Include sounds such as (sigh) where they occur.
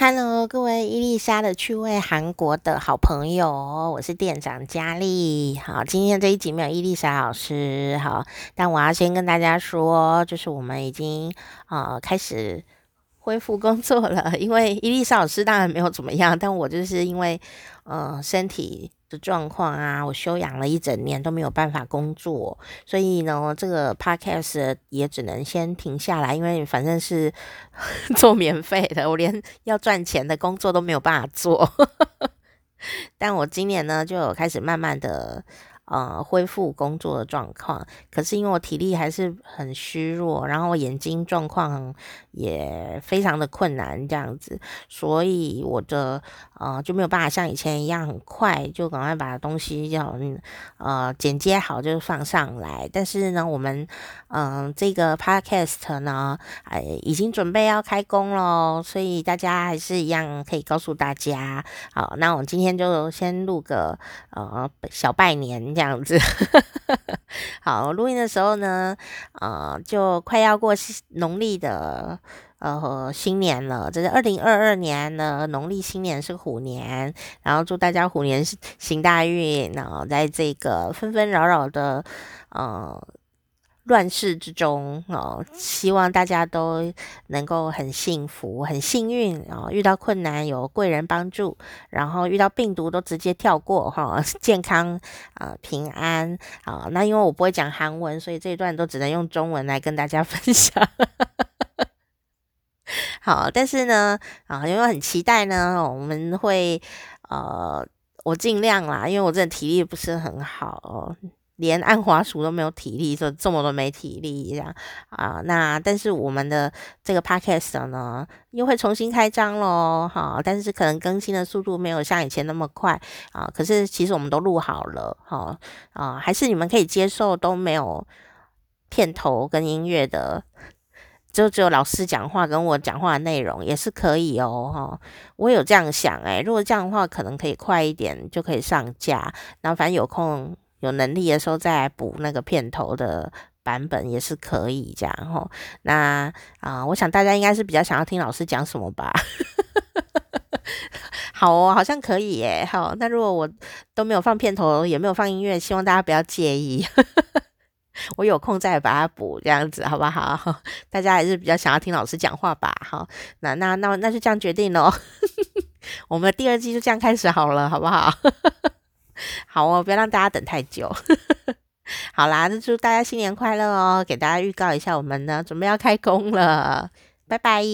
哈嘍，各位伊麗莎的趣味韓國的好朋友，我是店長佳麗。好，今天這一集沒有伊麗莎老師，好，但我要先跟大家說，就是我們已經，呃，開始，恢復工作了，因為伊麗莎老師當然沒有怎麼樣，但我就是因為，呃，身體的狀況啊，我休養了一整年都沒有辦法工作，所以呢，這個 podcast 也只能先停下來，因為反正是 (laughs) 做免費的，我連要賺錢的工作都沒有辦法做。 (laughs) 但我今年呢，就有開始慢慢的。呃，恢復工作的狀況，可是因為我體力還是很虛弱，然後我眼睛狀況也非常的困難，這樣子，所以我的呃就沒有辦法像以前一樣很快就趕快把東西要呃剪接好就放上來。但是呢，我們嗯、呃、這個 podcast 呢，哎已經準備要開工咯，所以大家還是一樣可以告訴大家，好，那我們今天就先錄個呃小拜年。這樣子， (laughs) 好，錄音的時候呢，呃，就快要過農曆的呃新年了，這、就是二零二二年呢，農曆新年是虎年，然後祝大家虎年行大運，然後在這個紛紛擾擾的呃。亂世之中哦，希望大家都能夠很幸福、很幸運、哦、遇到困難有貴人幫助，然後遇到病毒都直接跳過哈、哦。健康啊、呃，平安啊。那因為我不會講韓文，所以這一段都只能用中文來跟大家分享。 (laughs) 好，但是呢啊、哦，因為我很期待呢，我們會呃，我盡量啦，因為我這體力不是很好哦。連按滑鼠都沒有體力，說這麼多沒體力這樣啊？那但是我們的這個 Podcast 呢，又會重新開張嘍，哈，但是可能更新的速度沒有像以前那麼快啊。可是其實我們都錄好了，哈啊，還是你們可以接受都沒有片頭跟音樂的，就只有老師講話跟我講話的內容也是可以哦，哈、啊。我有這樣想哎、欸，如果這樣的話，可能可以快一點就可以上架，然後反正有空。有能力的時候再補那個片頭的版本也是可以這樣吼、哦。那啊、呃，我想大家應該是比較想要聽老師講什麼吧？ (laughs) 好、哦，好像可以耶。好，那如果我都沒有放片頭，也沒有放音樂，希望大家不要介意。 (laughs) 我有空再把它補，這樣子好不好？ (laughs) 大家還是比較想要聽老師講話吧？好，那那那那就這樣決定咯。 (laughs) 我們的第二季就這樣開始好了，好不好？ (laughs) 好哦，不要讓大家等太久。 (laughs) 好啦，那祝大家新年快樂哦！給大家預告一下，我們呢準備要開工了。拜拜。